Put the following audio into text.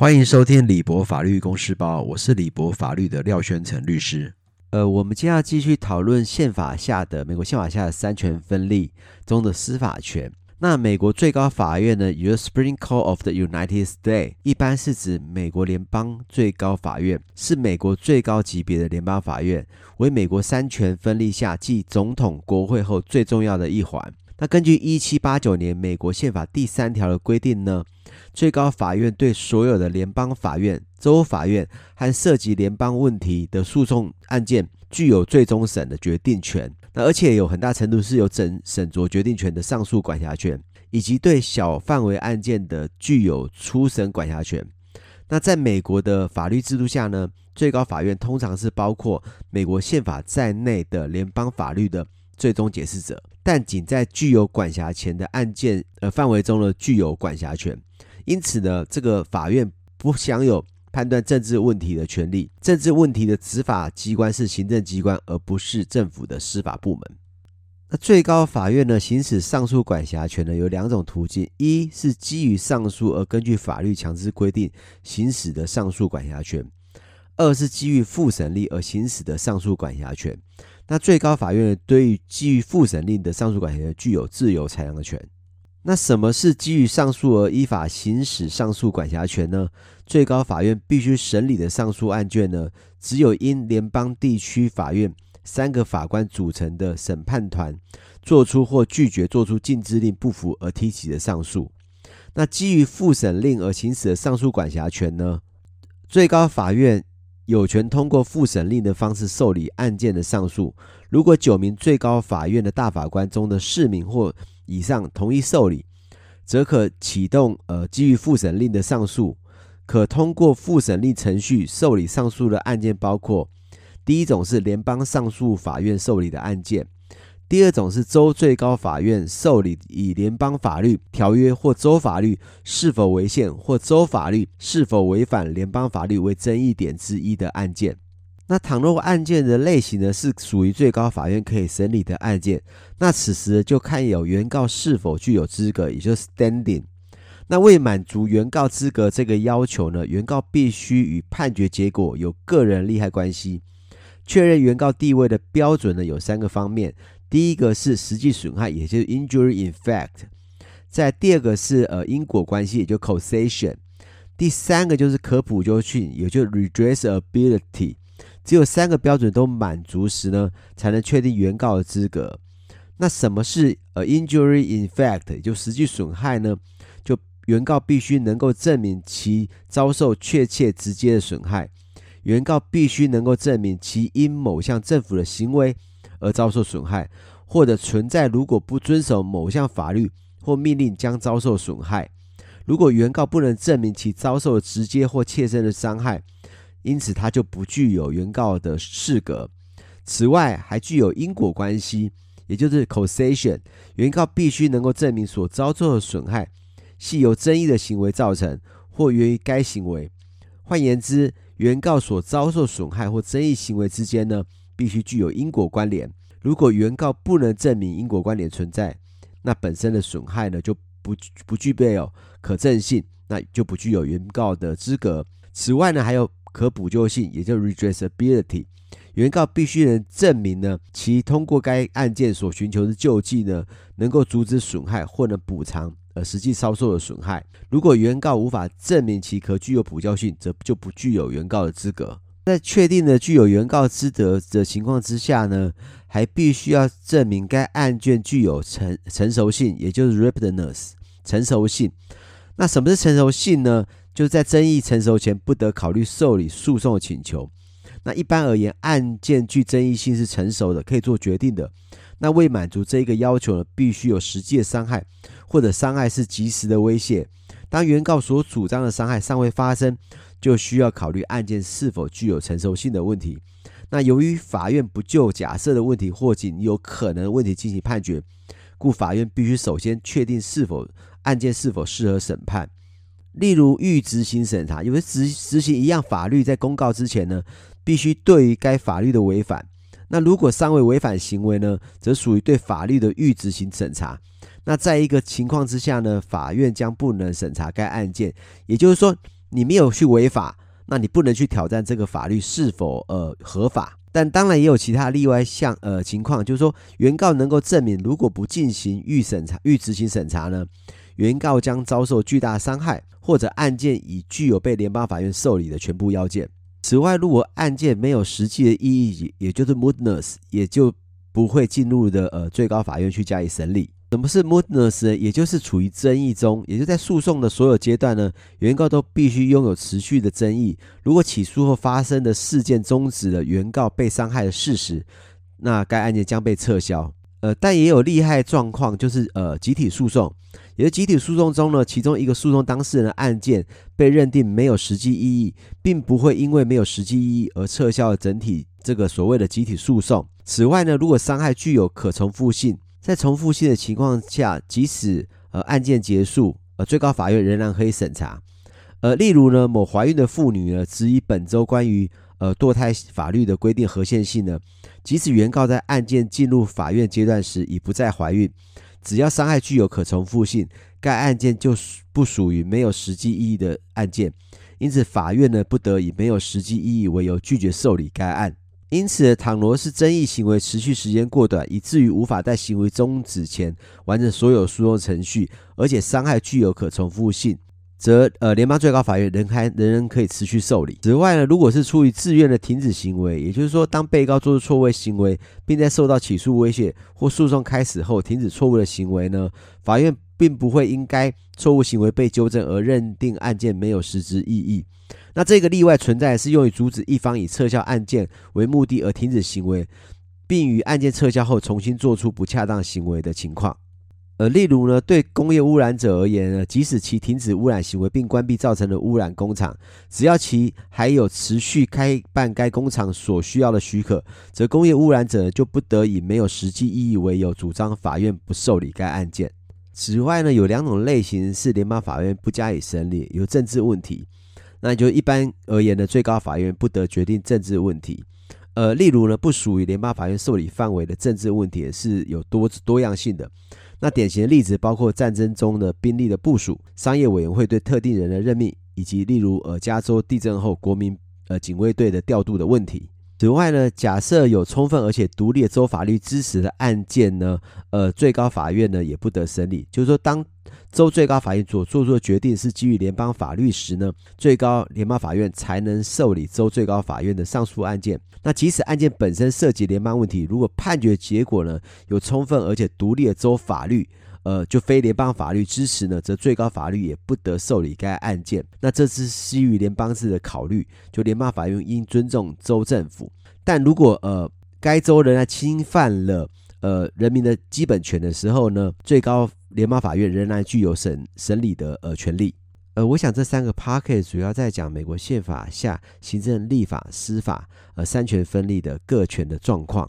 歡迎收聽李博法律公事包，我是李博法律的廖宣成律師。呃，我們接下來繼續討論憲法下的美國憲法下的三權分立中的司法權。那美國最高法院呢，The Supreme Court of the United States，一般是指美國聯邦最高法院，是美國最高級別的聯邦法院，為美國三權分立下繼總統、國會後最重要的一環。那根據一七八九年美國憲法第三條的規定呢，最高法院對所有的聯邦法院、州法院和涉及聯邦問題的訴訟案件具有最終審的決定權。那而且有很大程度是有審審酌決定權的上訴管轄權，以及對小範圍案件的具有初審管轄權。那在美國的法律制度下呢，最高法院通常是包括美國憲法在內的聯邦法律的最終解釋者，但僅在具有管轄權的案件呃範圍中呢，具有管轄權。因此呢，這個法院不享有判斷政治問題的權利。政治問題的執法機關是行政機關，而不是政府的司法部門。那最高法院呢，行使上訴管轄權呢，有兩種途徑：一是基於上訴而根據法律強制規定行使的上訴管轄權；二是基於復審理而行使的上訴管轄權。那最高法院對於基於複審令的上訴管轄權，具有自由裁量的權。那什麼是基於上訴而依法行使上訴管轄權呢？最高法院必須審理的上訴案件呢，只有因聯邦地區法院三個法官組成的審判團作出或拒絕作出禁制令不服而提起的上訴。那基於複審令而行使的上訴管轄權呢？最高法院，有權通過復審令的方式受理案件的上訴。如果九名最高法院的大法官中的四名或以上同意受理，則可啟動呃基於復審令的上訴。可通過復審令程序受理上訴的案件包括，第一種是聯邦上訴法院受理的案件。第二種是州最高法院受理以聯邦法律、條約或州法律是否違憲，或州法律是否違反聯邦法律為爭議點之一的案件。那倘若案件的類型呢，是屬於最高法院可以審理的案件，那此時就看有原告是否具有資格，也就是 standing。那為滿足原告資格這個要求呢，原告必須與判決結果有個人利害關係。確認原告地位的標準呢，有三個方面。第一個是實際損害，也就是 injury in fact。再第二個是呃因果關係，也就 causation。第三個就是可補救性，也就是 redressability。只有三個標準都滿足時呢，才能確定原告的資格。那什麼是呃 injury in fact，也就是實際損害呢？就原告必須能夠證明其遭受確切直接的損害。原告必須能夠證明其因某項政府的行為。而遭受損害，或者存在如果不遵守某項法律或命令將遭受損害。如果原告不能證明其遭受直接或切身的傷害，因此他就不具有原告的適格。此外，還具有因果關係，也就是 causation。原告必須能夠證明所遭受的損害係由爭議的行為造成，或源於該行為。換言之，原告所遭受損害或爭議行為之間呢，必須具有因果關聯，如果原告不能證明因果關聯存在，那本身的損害呢就不不具備有可證性，那就不具有原告的資格。此外呢，還有可補救性，也就 redressability。原告必須能證明呢，其通過該案件所尋求的救濟呢，能夠阻止損害或者補償呃實際遭受的損害。如果原告無法證明其可具有補救性，則就不具有原告的資格。在確定的具有原告資格的情況之下呢，還必須要證明該案件具有成成熟性，也就是 ripeness 成熟性。那什麼是成熟性呢？就是在爭議成熟前，不得考慮受理訴訟請求。那一般而言，案件具爭議性是成熟的，可以做決定的。那為滿足這一個要求呢，必須有實際的傷害，或者傷害是及時的威脅。當原告所主張的傷害尚未發生，就需要考慮案件是否具有成熟性的問題。那由於法院不就假設的問題或僅有可能問題進行判決，故法院必須首先確定是否案件是否適合審判。例如，預執行審查，因為執執行一樣法律在公告之前呢，必須對於該法律的違反。那如果尚未違反行為呢，則屬於對法律的預執行審查。那在一個情況之下呢，法院將不能審查該案件，也就是說。你沒有去違法，那你不能去挑戰這個法律是否呃合法。但當然也有其他例外項呃情況，就是說原告能夠證明，如果不進行預審查、預執行審查呢，原告將遭受巨大傷害，或者案件已具有被聯邦法院受理的全部要件。此外，如果案件沒有實際的意義，也就是 mootness，也就不會進入的呃最高法院去加以審理。什麼是 m o o d n e s s 也就是處於爭議中，也就是在訴訟的所有階段呢，原告都必須擁有持續的爭議。如果起訴後發生的事件終止了原告被傷害的事實，那該案件將被撤銷。呃，但也有利害狀況，就是呃，集體訴訟。也就是集體訴訟中呢，其中一個訴訟當事人的案件被認定沒有實際意義，並不會因為沒有實際意義而撤銷了整體這個所謂的集體訴訟。此外呢，如果傷害具有可重複性。在重複性的情況下，即使呃案件結束，呃最高法院仍然可以審查。呃，例如呢，某懷孕的婦女呢，質疑本州關於呃墮胎法律的規定合憲性呢，即使原告在案件進入法院階段時已不再懷孕，只要傷害具有可重複性，該案件就不屬於沒有實際意義的案件，因此法院呢不得以沒有實際意義為由拒絕受理該案。因此，倘若是爭議行為持續時間過短，以至於無法在行為終止前完成所有訴訟程序，而且傷害具有可重複性，則呃聯邦最高法院仍仍然可以持續受理。此外呢，如果是出於自願的停止行為，也就是說，當被告做出錯誤行為，並在受到起訴威脅或訴訟開始後停止錯誤的行為呢，法院並不會因該錯誤行為被糾正而認定案件沒有實質意義。那這個例外存在是用於阻止一方以撤銷案件為目的而停止行為，並於案件撤銷後重新做出不恰當行為的情況。而例如呢，對工業污染者而言呢，即使其停止污染行為並關閉造成的污染工廠，只要其還有持續開辦該工廠所需要的許可，則工業污染者就不得以沒有實際意義為由主張法院不受理該案件。此外呢，有兩種類型是聯邦法院不加以審理，有政治問題。那就一般而言呢，最高法院不得決定政治問題。呃，例如呢，不屬於聯邦法院受理範圍的政治問題，是有多多樣性的。那典型的例子包括戰爭中的兵力的部署、商業委員會對特定人的任命，以及例如呃加州地震後國民呃警衛隊的調度的問題。此外呢，假設有充分而且獨立的州法律支持的案件呢，呃，最高法院呢也不得審理。就是說，當州最高法院所做出的決定是基於聯邦法律時呢，最高聯邦法院才能受理州最高法院的上訴案件。那即使案件本身涉及聯邦問題，如果判決結果呢，有充分而且獨立的州法律。呃，就非聯邦法律支持呢，則最高法律也不得受理該案件。那這次是基於聯邦制的考慮，就聯邦法院應，應尊重州政府。但如果呃該州仍然侵犯了呃人民的基本權的時候呢，最高聯邦法院仍然具有審審理的呃權利。呃，我想這三個 podcast 主要在講美國憲法下行政、立法、司法呃三權分立的各權的狀況。